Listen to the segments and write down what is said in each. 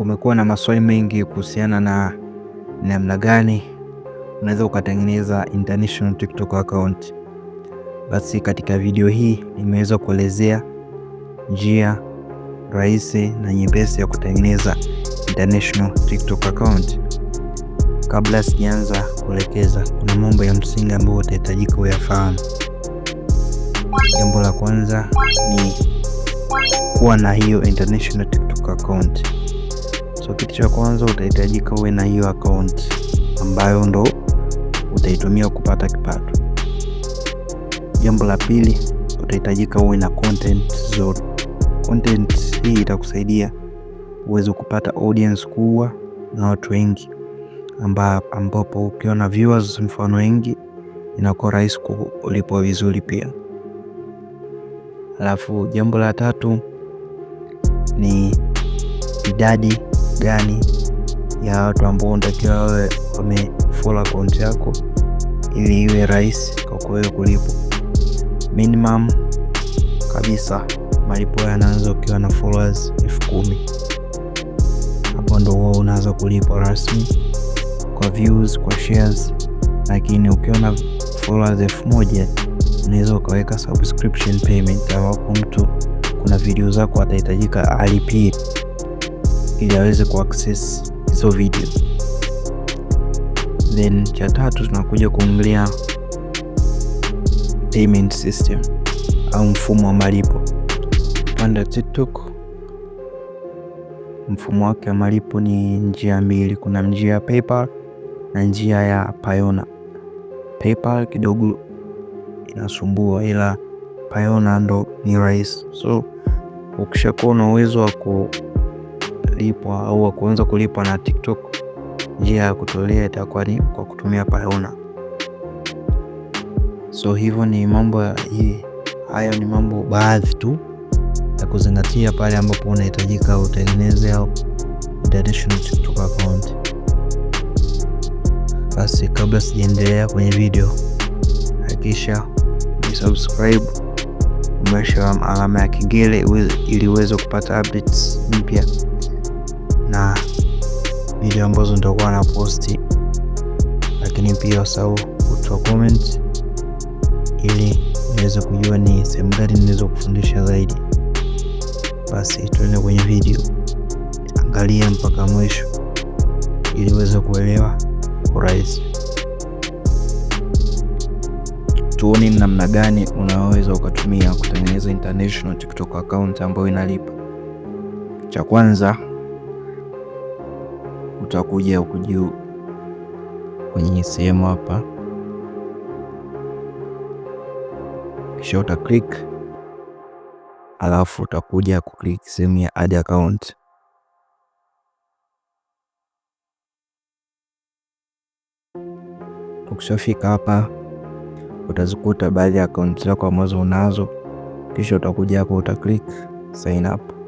kumekuwa na maswali mengi kuhusiana na namna gani unaweza ukatengeneza international TikTok account. Basi katika video hii nimeweza kuelezea njia rahisi na nyepesi ya kutengeneza international TikTok account. Kabla sijaanza kuelekeza, kuna mambo ya msingi ambayo utahitajika uyafahamu. Jambo la kwanza ni kuwa na hiyo international TikTok account. So kitu cha kwanza utahitajika uwe na hiyo account ambayo ndo utaitumia kupata kipato. Jambo la pili, utahitajika uwe na content zote. Content hii itakusaidia uweze kupata audience kubwa na watu wengi, ambapo ukiwa na viewers mfano wengi inakuwa rahisi kulipwa vizuri pia. Alafu jambo la tatu ni idadi gani ya watu ambao unatakiwa wawe wamefollow account yako ili iwe rahisi kwa kuwewe kulipo. Minimum kabisa malipo yanaanza ukiwa na followers elfu kumi hapo ndo huwa unaanza kulipa rasmi kwa views, kwa shares, lakini ukiwa na followers elfu moja unaweza ukaweka subscription payment ambapo mtu kuna video zako atahitajika alipie ili aweze kuaccess hizo video. Then cha tatu tunakuja kuongelea payment system au mfumo wa malipo. Panda TikTok mfumo wake wa malipo ni njia mbili, kuna njia ya PayPal na njia ya Payoneer. PayPal kidogo inasumbua, ila Payoneer ndo ni rahisi. So ukishakuwa na uwezo wa ku kulipwa au kuanza kulipwa na TikTok, njia ya kutolea itakuwa ni kwa kutumia Payoneer. So hivyo ni mambo hayo, ni mambo baadhi tu ya kuzingatia pale ambapo unahitajika utengeneze au international TikTok account. Basi kabla sijaendelea kwenye video, hakikisha subscribe, umeshawa alama ya kengele ili uweze kupata updates mpya na video ambazo nitakuwa na posti, lakini pia wasahau kutoa comment ili niweze kujua ni sehemu gani niweze kufundisha zaidi. Basi tuende kwenye video, angalia mpaka mwisho ili uweze kuelewa urahisi. Tuone namna gani unaweza ukatumia kutengeneza international TikTok account ambayo inalipa. Cha kwanza utakuja huku juu kwenye sehemu hapa, kisha uta click, alafu utakuja ku click sehemu ya add account. Ukishafika hapa utazikuta baadhi ya akaunti zako ambazo unazo, kisha utakuja hapo uta click sign up.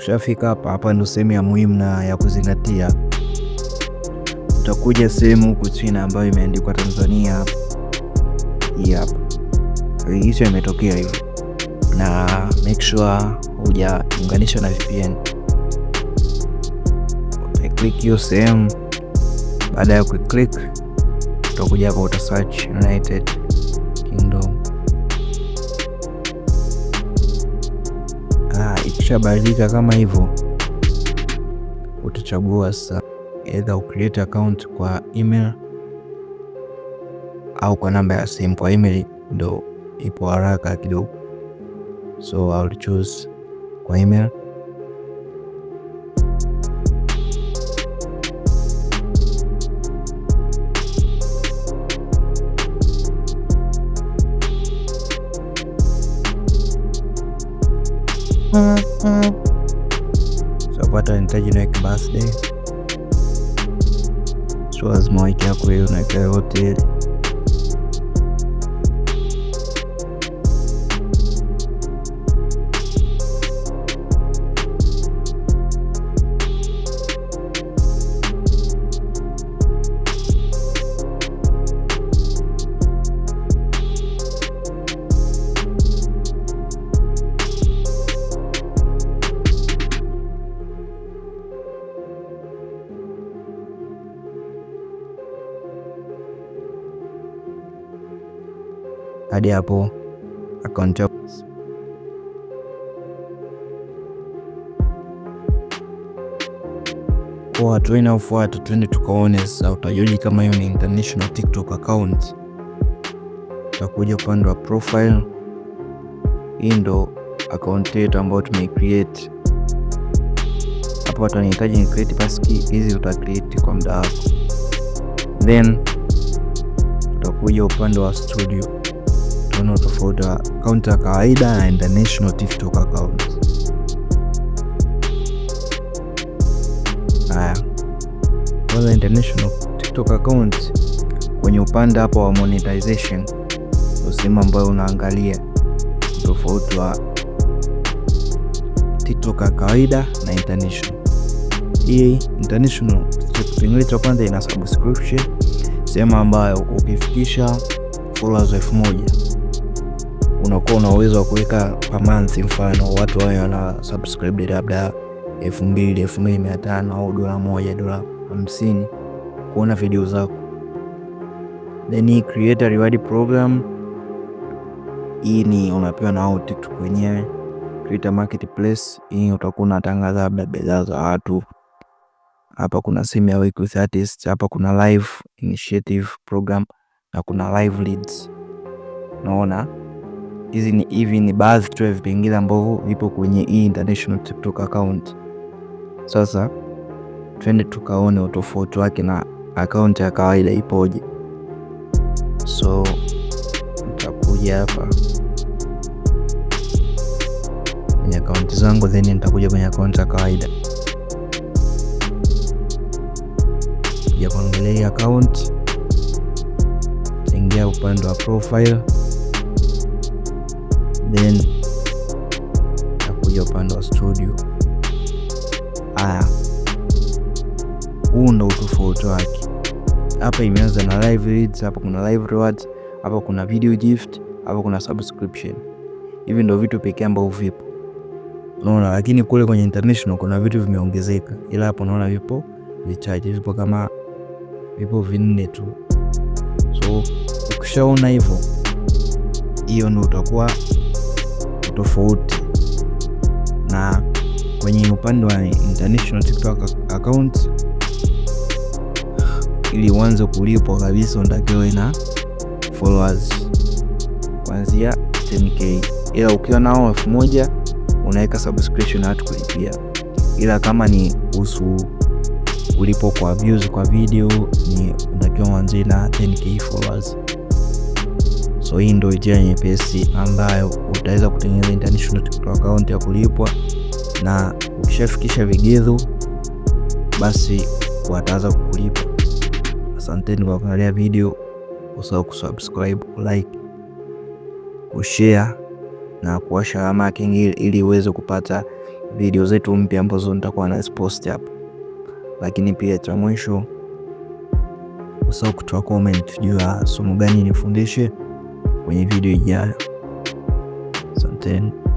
Ukishafika hapa hapa, ndo sehemu ya muhimu na ya kuzingatia. Utakuja sehemu huku china ambayo imeandikwa Tanzania. Hii hapa hicho imetokea hivo na make sure hujaunganishwa na VPN. Utaklik hiyo sehemu. Baada ya kuiklik, utakuja hapa uta search United Kingdom Ah, ikishabadilika kama hivyo, utachagua sasa either ucreate account kwa email au kwa namba ya simu. Kwa email ndo ipo haraka kidogo, so I'll choose kwa email. So hapa nahitaji niweke birthday, so lazima weke hapo hiyo, naweka yote baada ya hapo akaunti kwa hatua inayofuata, twende tukaone sasa utajoji kama hiyo ni international TikTok account. Utakuja upande wa profile. Hii ndo account yetu ambayo tumecreate hapo. Watanihitaji ni create passkey, hizi uta create kwa muda wako, then utakuja upande wa studio kuna tofauti wa akaunti ya kawaida na international TikTok account. Haya, kwanza international TikTok account, kwenye upande hapa wa monetization, usehemu ambayo unaangalia tofauti wa TikTok ya kawaida na international. Hii international kipengele cha kwanza ina subscription, sehemu ambayo ukifikisha followers elfu moja unakuwa una uwezo wa kuweka per month, mfano watu wao wana subscribe labda elfu mbili elfu mbili mia tano au dola moja dola hamsini kuona video zako, then create a reward program. Hii ni unapewa na wao TikTok wenyewe. Create a marketplace, hii utakuwa unatangaza labda bidhaa za watu. Hapa kuna sehemu ya work with artists, hapa kuna live initiative program na kuna live leads, naona no, hizi ni hivi ni baadhi tu ya vipengele ambavyo vipo kwenye hii international TikTok account. Sasa twende tukaone utofauti wake na account ya kawaida ipoje. So nitakuja hapa kwenye akaunti zangu, then nitakuja kwenye akaunti ya kawaida ya kuangalia hii account, ingia upande wa profile then takuja upande wa studio. Haya, huu ndo utofauti wake. Hapa imeanza na live reads, hapa kuna live rewards, hapa kuna video gift, hapa kuna subscription. Hivi ndo vitu pekee ambavyo vipo, unaona. Lakini kule kwenye international kuna vitu vimeongezeka, ila hapo unaona vipo vichache, vipo kama vipo vinne tu. So ukishaona hivyo, hiyo ndo utakuwa tofauti, na kwenye upande wa international TikTok account ili uanze kulipwa kabisa unatakiwa na followers kuanzia 10k, ila ukiwa nao elfu moja unaweka subscription hatu kulipia, ila kama ni kuhusu ulipo kwa views kwa video ni unatakiwa uanze na 10k followers. So hii ndio njia nyepesi ambayo utaweza kutengeneza international TikTok account ya kulipwa, na ukishafikisha vigezo, basi wataanza kukulipa. Asanteni kwa kuangalia video, usahau kusubscribe, like, kushare na kuwasha alama ya kengele ili uweze kupata video zetu mpya ambazo nitakuwa na post hapo. Lakini pia cha mwisho, usahau kutoa comment juu ya somo gani nifundishe. kwenye video ijayo. something.